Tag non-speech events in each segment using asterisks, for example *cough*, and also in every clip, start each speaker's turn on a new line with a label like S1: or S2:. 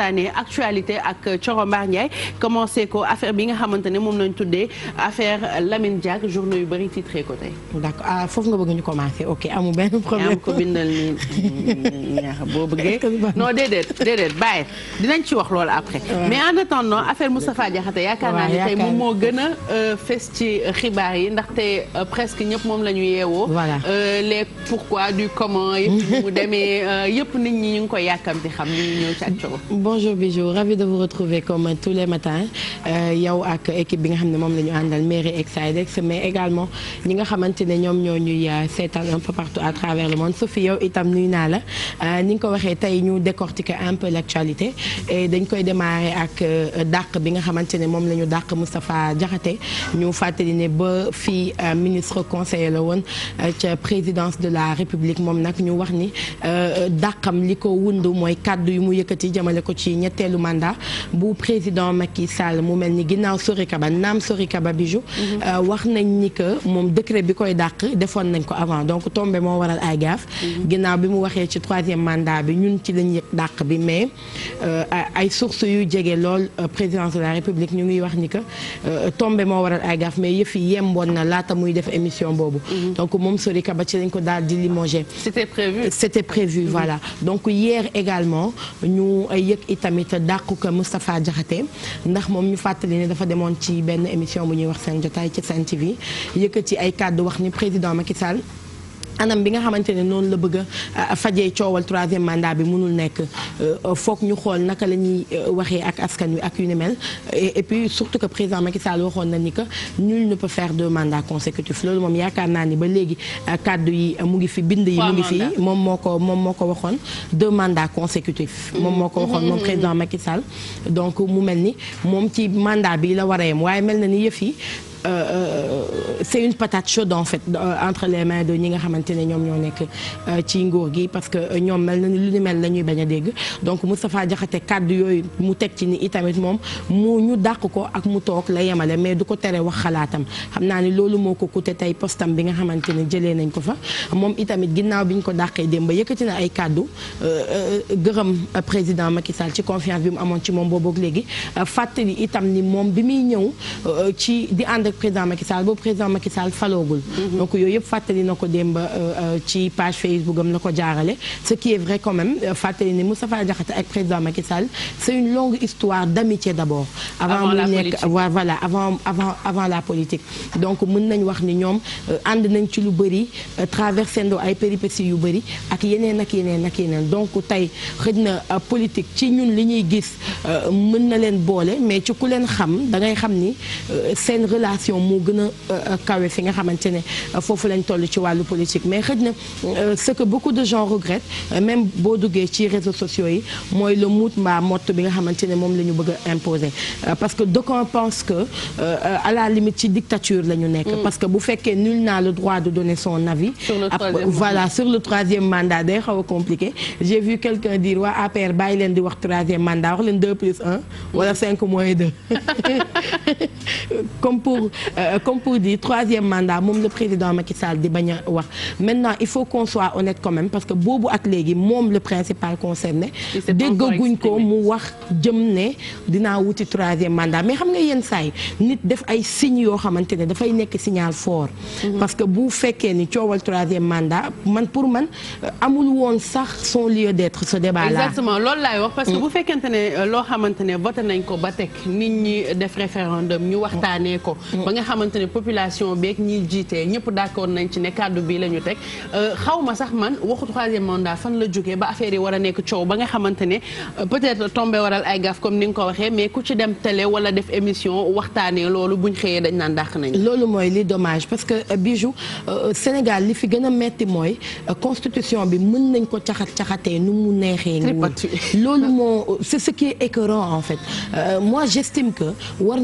S1: waxtaanee actualité ak Thioro Mbar Ndiaye commencé ko affaire bi nga xamante ne moom lañ tuddee affaire Lamine Diack journaux yu bëri titré ko tey.
S2: d'accord ah foofu nga bëgg ñu commencé ok amul
S1: benn problème. ko bindal nii boo bëggee. non déedéet déedéet bàyyi dinañ ci wax loolu après. mais en attendant affaire Moustapha Diakhaté yaakaar naa ne tey moom moo gën a euh, fes ci xibaar yi ndax te euh, presque ñëpp moom lañu yeewoo. voilà euh, les pourquoi du comment. yëpp mu demee yëpp nit ñi ñu ngi koy yàkkamti xam ni ñu
S2: bonjour Bijou ravi de vous retrouver comme tous les matins euh, yow ak équipe bi nga xam ne moom la ñu àndal mairie ak Sidex mais également ñi nga xamante ne ñoom ñoo ñuy euh, seetaan un fa partout à travers le monde Sophie yow itam nuyu naa la euh, ni nga ko waxee tey ñu décortiquer un peu l' actualité et dañ koy démarrer ak dàq bi nga xamante ne moom lañu ñu dàq Moustapha Diakhaté ñu fàttali ne ba fii ministre conseiller la woon ca présidence de la République moom nag ñu wax ni dàqam li ko ci ñetteelu mandat bu président Macky Sall mu mel ni ginnaaw Sori Kaba naam Sori Kaba bijou mhm. euh, wax nañ ni que moom décret bi koy dàq defoon nañ ko avant donc tombe moo waral ay gaaf mhm. ginnaaw bi mu waxee ci troisième mandat bi ñun ci lañ yëg dàq bi mais euh, ay sources yu jege lool euh, présidence la république ñu ngi wax ni que tombé moo waral ay mais yëf yi yemboon na laata muy def émission boobu mhm. donc moom Sori Kaba ci lañ ko daal di c'était prévu voilà donc hier également ñu yëg itamit dàqu ko Moustapha Diakhaté ndax moom ñu fàttali ne dafa demoon ci benn émission bu ñuy wax seen jotaay ci Sen TV yëkkati ay kàddu wax ni président Macky Sall anam bi nga xamante ne noonu la bëgg a fajee coowal troisième mandat bi mënul nekk euh, euh, foog ñu xool naka la ñuy euh, waxee ak askan wi ak yu ni mel et puis surtout que président Macky Sall waxoon na ni que nul ne peut faire deux mandats consécutifs loolu moom yaakaar naa ni ba léegi kàddu yi mu ngi fi bind yi mu ngi fi moom moo ko moom moo ko waxoon deux mandats consécutifs mm-hmm. moom moo ko waxoon moom mm-hmm. président Macky Sall donc mu mel ni moom ci mandat bi la war waaye mel na ni yëf yi Euh, c'est une patate chaude en fait euh, entre les mains de ñi nga xamante ne ñoom ñoo nekk euh, ci nguur gi parce que ñoom mel na lu ni mel la ñuy bañ a dégg donc Moustapha jaxate kàddu yooyu mu teg ci ni itamit moom mu ñu dàq ko ak mu toog la yemale mais du ko tere wax xalaatam xam naa ni loolu moo ko coûté tey postam bi nga xamante ne jëlee nañ ko fa moom itamit ginnaaw bi ñu ko dàqee démb yëkkati na ay kàddu gërëm président Macky Sall ci confiance bi mu amoon ci moom boobu léegi fàttali itam moom bi muy ñëw ak président Macky Sall boobu président Macky Sall faloogul mhm. donc yooyu yëpp fàttali na ko démb euh, euh, ci page Facebook am la ko jaarale ce qui est vrai quand même euh, fàttali ne Moustapha Diakhaté ak président Macky c'est une longue histoire d'amitié d'abord avant la politique donc mën nañ wax ni ñoom ànd nañ ci lu bëri traversé ndo ay péripéties yu bëri ak yeneen ak yeneen ak yeneen donc tey xëj na politique ci ñun li ñuy gis mën na leen boole mais ci ku leen xam population moo gën a euh, kawe fi nga xamante ne euh, foofu lañ toll ci wàllu politique mais xëj na euh, ce que beaucoup de gens regrettent même boo duggee ci réseaux sociaux yi mooy le muut mbaa mott bi nga xamante ne moom la ñu bëgg a imposer parce que d'aucuns pensent que à la limite ci dictature la ñu nekk mm. parce que bu fekkee nul n'a le droit de donner son avis voilà sur le troisième mandat day xaw a compliqué j'ai vu quelqu'un dire waa APR bàyyi leen di wax troisième mandat wax leen deux plus un wala cinq moins *laughs* Euh, comme pour dire troisième mandat moom le président Macky Sall di bañ a wax maintenant il faut qu'on soit honnête quand parce que boobu ak léegi moom le principal concerné déggaguñ ko mu wax jëm ne dinaa wuti troisième mandat mais xam nga yenn saay nit def ay signes yoo xamante ne dafay nekk signal fort mhm. parce que bu fekkee ni coowal troisième mandat man pour man euh, amul woon sax son lieu d'être ce débat là exactement
S1: loolu laay wax parce que mm. bu fekkente ne loo xamante ne voté nañ ko ba teg nit ñi def référendum ñu waxtaanee ko mm. ba nga xamante ne population beeg ñiy jiitee ñëpp d'accord nañ ci ne kàddu bii la ñu teg euh, xaw ma sax man waxu troisième mandat fan la jógee ba affaire yi war a nekk coow ba nga xamante ne euh, peut-être tombé waral ay gaaf comme ni nga ko waxee mais ku ci dem télé wala def émission waxtaanee loolu buñ xëyee dañ naan dàq nañ
S2: loolu mooy li dommage parce que euh, bijou Sénégal li fi gën a metti mooy constitution bi mën nañ ko caxat caxatee nu mu neexee nii *laughs* lool moo c'est ce qui est écœurant en fait moi j'estime que war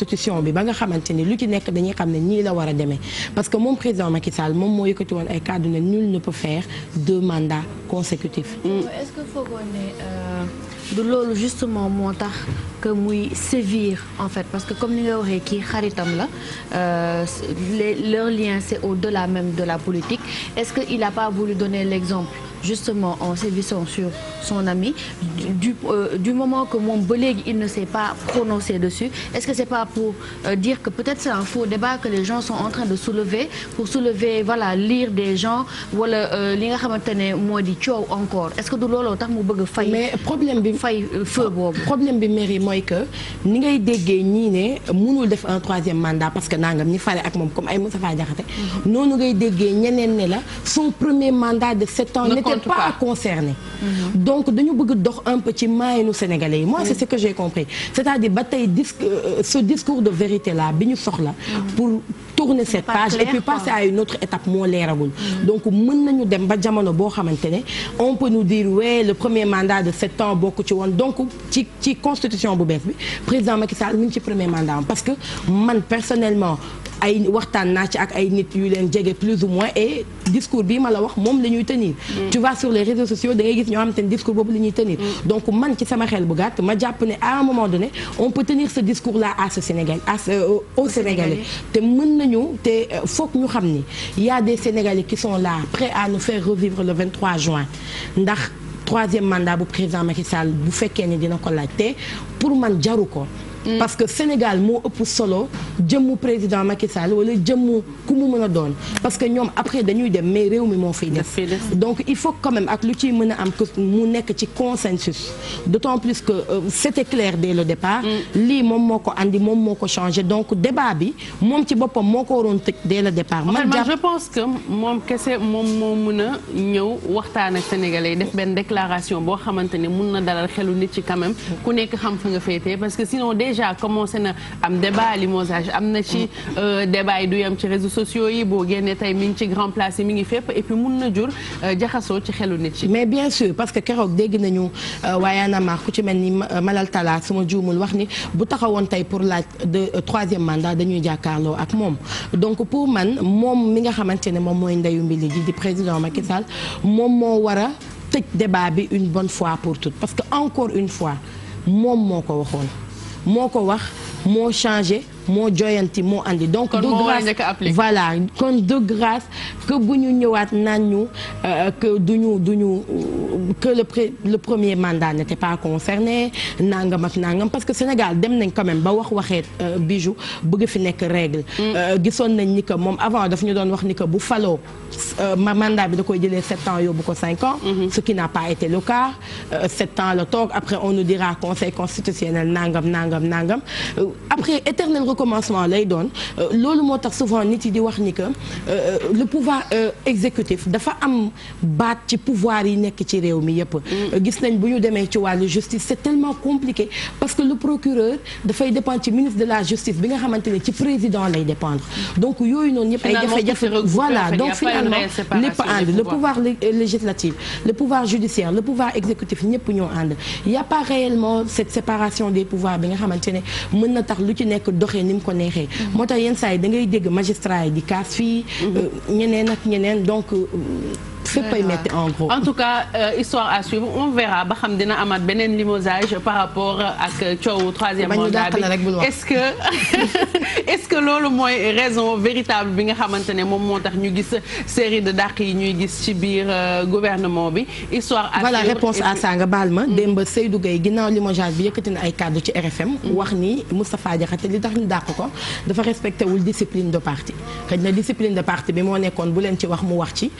S2: constitution bi ba nga xamante ni lu ci nekk dañuy xam ne ñii la war a demee parce que moom président Macky Sall moom moo yëkkati woon ay kàddu ne nul ne peut faire deux mandats consécutifs. Mm. Euh, moo tax que muy sévir en fait parce que comme ni nga waxee kii xaritam la euh, les leur lien c'est au-delà même de la politique est-ce que il a pas voulu donner l'exemple justement en sévissant sur son ami du euh, du moment que moom ba léegi il ne s'est pas prononcé dessus est-ce que c'est pas pour euh, dire que peut-être c'est un faux débat que les gens sont en train de soulever pour soulever lire des gens euh, li nga xamante ne moo di coow encore est-ce que du looloo tax mu bëgg fay mais problème bi fay feu boobu problème bi mairie mooy que ni ngay déggee ñii ne mënul def un troisième mandat parce que nangam ñi fare moom comme ay Moustapha mhm. ngay déggee ñeneen ne la son premier mandat n'étaient pas concernés mm-hmm. donc dañu bëgg dox un peu ci maayanu sénégalais yi moi c'est mm. ce que j'ai compris c'est-à-dire ba euh, ce discours de vérité là bi ñu soxla mm-hmm. pour tourner cette page et puis passer à une autre étape moo leeragul mm-hmm. donc mën nañu dem ba jamono boo xamante ne on peut nous dire ouais le premier mandat de sept ans bokk ci woon donc ci ci constitution bu bees bi président Macky Sall mu ngi ci premier mandat parce que man personnellement ay waxtaan naa ci ak ay nit yu leen jege plus ou moins et discours bii ma la wax moom la ñuy tenir mm. tu vas sur les réseaux sociaux da ngay gis ñoo xamante ne discours boobu la ñuy tenir mm. donc man ci sama xel bu gàtt ma jàpp ne à un moment donné on peut tenir ce discours là à ce Sénégal au Sénégalais te mën nañu te euh, foog ñu xam ni yaa des Sénégalais qui sont la prêts à nous faire revivre le 23 juin ndax troisième mandat bu président Macky Sall bu fekkee ne dina ko laaj pour man jaru ko Mm. parce que Sénégal moo ëpp solo jëmmu président Macky Sall wala jëmmu ku mu mën a doon. parce que ñoom après dañuy dem mais réew mi moo fiy def donc il faut quand même ak lu ciy mën a am que mu nekk ci consensus. d'autant plus que euh, c'était clair dès le départ. Mm. lii moom moo ko andi moom moo ko changé donc débat bi moom ci boppam moo ko waroon tëj dès la départ. man je
S1: pense que moom kese moom moo mën a ñëw waxtaan ak sénégalais def benn déclaration boo xamante ne mën na dalal xelu nit ci quand déjà commencé na am débat limogeage am na ci euh, débat yi du yam ci réseaux sociaux yi boo génnee tey mi ngi ci grand place ngi fépp et mun na jur euh, jaxasoo ci xelu nit ci mais
S2: bien sûr parce que keroog dégg nañu euh, waaye anamar ku ci mel ni Malal Talla sama juumul wax ni bu taxawoon tey pour laaj de troisième mandat dañuy jàkkaarloo ak moom donc pour man moom mi nga xamante ne moom mooy ndeyu mbili ji di président Macky Sall moom moo war a tëj débat bi une bonne fois pour tout parce que encore une fois moom moo ko waxoon moo ko wax moo changé moo joyanti moo andi donc de grâce voilà kon de grâce que gu ñu ñëwaat naan ñu euh, que du ñu que le le premier mandat n'était pas concerné nangam ak nangam parce que Sénégal dem nañ quand même ba wax waxee euh, bijou bëgg fi nekk règle mm. euh, gisoon nañ ni que moom avant daf ñu doon wax ni que bu faloo mandat bi da koy jëlee sept ans yóbbu ko cinq ans mm-hmm. ce qui n'a pas été le cas sept ans la toog après on nous dira conseil constitutionnel nangam nangam nangam recommencement lay doon euh, loolu moo tax souvent nit yi di wax ni que euh, euh, le exécutif dafa am baat ci pouvoir yi nekk ci réew mi yépp mm. gis nañ bu ñu demee ci wàllu justice c'est tellement compliqué parce que lu procureur dafay dépendre ci ministre de la justice bi nga xamante ne ci président lay dépendre mm. donc yooyu noonu yépp ay jafe-jafe voilà donc finalement lépp ànd a pas réellement cette séparation des pouvoirs lu ci nekk doxee waxee ko neexee mm-hmm. moo tax yenn saa yi da ngay dégg magistrat yi di kaas fii mm-hmm. euh, ñeneen ak ñeneen donc euh, féppay métti en gros. en
S1: tout cas euh, histoire à suivre on verra ba xam dina amaat beneen limosage par rapport ak coowu troisième mandat bi est-ce que *laughs* est-ce que loolu mooy raison véritable bi nga xamante ne moom moo tax ñu gis série de dàq yi ñuy gis ci biir euh, gouvernement bi histoire. à voilà réponse à ça
S2: nga baal ma. Mm. démb Seydou Gueye ginnaaw limosage bi yëkkati na ay kàddu ci RFM. Mm. wax ni Moustapha Diakhaté li tax ñu dàq ko dafa respecté wul discipline de parti xëy na discipline de parti bi moo nekkoon bu leen ci wax mu wax ci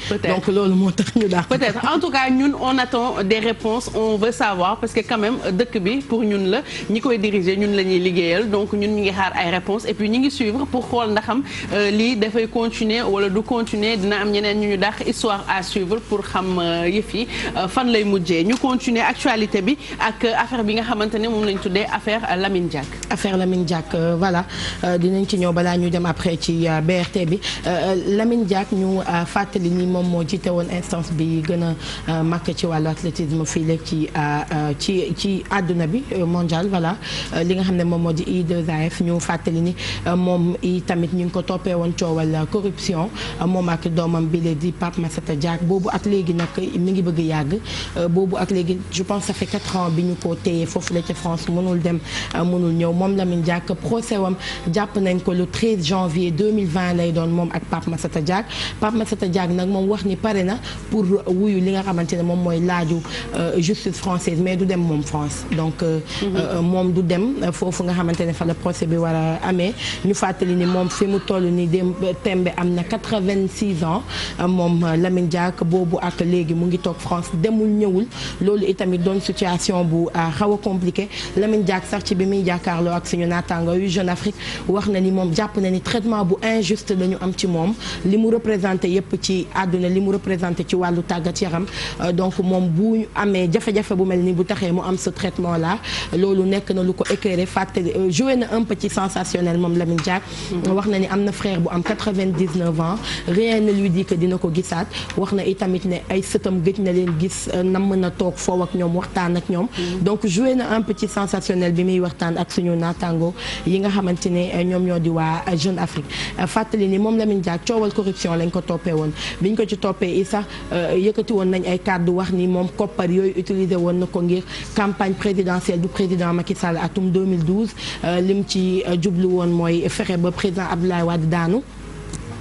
S2: moo tax ñu dàq.
S1: peut-être en tout cas ñun on attend des réponses on veut savoir parce que quand dëkk bi pour ñun la ñi koy diriger ñun la ñuy liggéeyal donc ñun ñu ngi xaar ay réponses et puis ñu ngi suivre pour xool ndaxam euh, lii dafay continuer wala du continuer dina am ñeneen ñu ñu dàq histoire à suivre pour xam euh, yëf yi euh, fan lay mujjee ñu continuer actualité bi ak affaire bi nga xamante ne moom lañ tuddee affaire Lamine Diack.
S2: affaire Lamine Diack voilà dinañ ci ñëw balaa ñu dem après ci BRT bi Lamine Diack ñu fàttali ni moom moo jiite woon instance bi gën a euh, màkk ci wàllu athlétisme fii léegi ci euh, euh, ci ci àdduna bi mondial voilà li nga xam ne moom moo di I2AF ñu fàttali ni moom i tamit ñu ngi ko toppee woon coowal corruption moom ak doomam bi lee di Pape Massata Diack boobu ak léegi nag mi ngi bëgg yàgg boobu ak léegi je pense ça fait quatre ans bi ñu ko téye foofu la ca France mënul dem mënul ñëw moom Lamine jàkk procès wam jàpp nañ ko le 13 janvier 2020 lay doon moom ak Pape Massata Diack Pape Massata Diack nag moom wax ni pare na pour wuyu li nga xamante ne moom mooy laaju euh, justice française mais du dem moom France donc euh, mhm. euh, moom du dem foofu nga xamante ne fa la procès bi war a amee ñu fàttali ni moom fi mu toll ni dem tembe am na quatre vingt 86 ans moom Lamine Diack boobu ak léegi mu ngi toog France demul ñëwul loolu itamit doon situation bu xaw a compliqué Lamine Diack sax ci bi muy jàkkaarloo ak suñu naataango yu Jeune Afrique wax na ni moom jàpp na ni traitement bu injuste la am ci moom li mu représenté yëpp ci àdduna li mu représenté ci wàllu tàggat yaram euh, donc moom bu amee jafe-jafe bu mel ni bu taxee mu am ce traitement là loolu nekk na lu ko éclairé fàttali euh, joué na un petit moom Lamine Diack mm-hmm. wax na ni na frère am 99 ans rien ne lui dit que ko gisaat wax na itamit ne ay sëtam gëj na leen gis euh, namm na toog foow ak ñoom waxtaan ak ñoom mm-hmm. donc joué na un petit sensationnel bi muy waxtaan ak suñu naataango yi nga xamante ne ñoom ñoo di waa Jeune Afrique fàttali ni moom Lamine Diack coowal corruption lañ ko toppee woon biñ ko ci toppee sax euh, yëkkati woon nañ ay kàddu wax ni moom koppar yooyu utilisé woon na ko ngir campagne présidentielle du président Macky Sall atum 2012 euh, lim ci euh, jublu woon mooy fexe ba président Abdoulaye Wade daanu.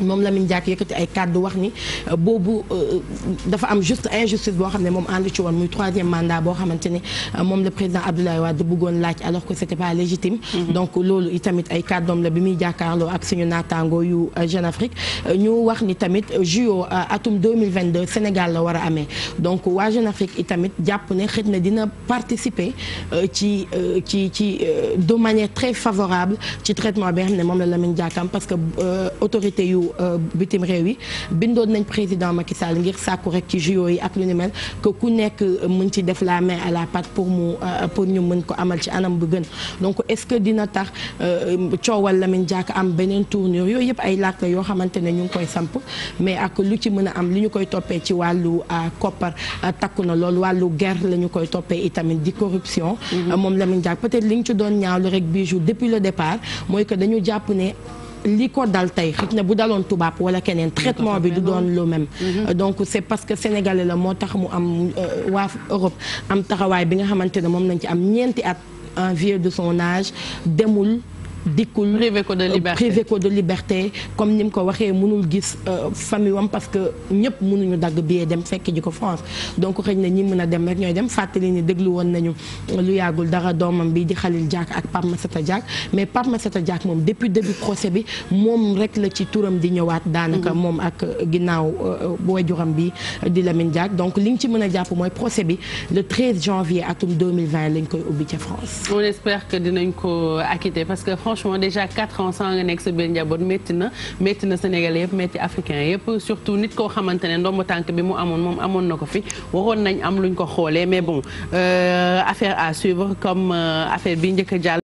S2: moom la Lamine Diack yëkkati ay kàddu wax ni euh, boobu euh, dafa am juste injustice boo xam ne moom ànd ci woon muy troisième mandat boo xamante ne euh, moom la président Abdoulaye Wade bëggoon laaj alors que c'était pas légitime mm-hmm. donc loolu itamit ay kàddoom la bi muy jàkkaarloo ak suñu naataango yu Jeune Afrique ñu wax ni tamit JO atum 2022 Sénégal la war a amee donc waa Jeune Afrique itamit jàpp ne xëj na dina participer ci ci ci de manière très favorable ci traitement bi nga xam ne la Lamine Diack parce que autorité yu réew euh, bitim réew yi bindoon nañ président Macky Sall ngir sàkku rek ci JO yi ak lu ni mel que ku nekk euh, mën ci def la main à la pâte pour mu euh, pour ñu mën ko amal ci anam bu gën donc est-ce que dina tax coowal Lamine Diack am beneen tournure yooyu yëpp ay laaj yoo xamante ne ñu ngi koy samp mais ak lu ci mën a am lu ñu koy toppee ci wàllu koppar takku na loolu wàllu guerre la koy toppee itamit di corruption mm-hmm. moom Lamine Diack peut-être li ñu ci doon ñaawlu rek bijou depuis le départ li ko dal tey xëy na bu daloon tubaab wala keneen traitement bi du doon lu même mhm. euh, donc c'est parce que sénégalais la moo tax mu am euh, waa Europe am taxawaay bi nga xamante ne moom nañ ci am ñeenti at en vieux de son âge demul dikkul privé ko de euh, liberté ko de comme ni mu ko waxee mënul gis euh, famille wam parce que ñëpp mënuñu dagg billet dem fekk ji ko France donc xëy na ñi mën a dem rek ñooy dem fàttali ni lu woon nañu lu yàggul dara doomam bi di Khalil Diack ak Pape Massata Diack mais Pape Massata Diack moom depuis début procès bi moom rek la ci turam di ñëwaat daanaka mm-hmm. moom ak euh, ginnaaw wajuram bi di Lamine Diack donc li ñu ci mën a jàpp mooy procès bi le 13 janvier atum 2020 lañ koy ubbi ca France.
S1: on espère franchement déjà quatre ans sans nga nekk sa njaboot métti na métti na sénégalais yëpp métti africain yëpp surtout nit koo xamante ne ndomba tànk bi mu amoon moom amoon na ko fi waroon nañ am luñ ko xoolee mais bon euh, affaire à suivre comme euh, affaire bi njëkk a jàll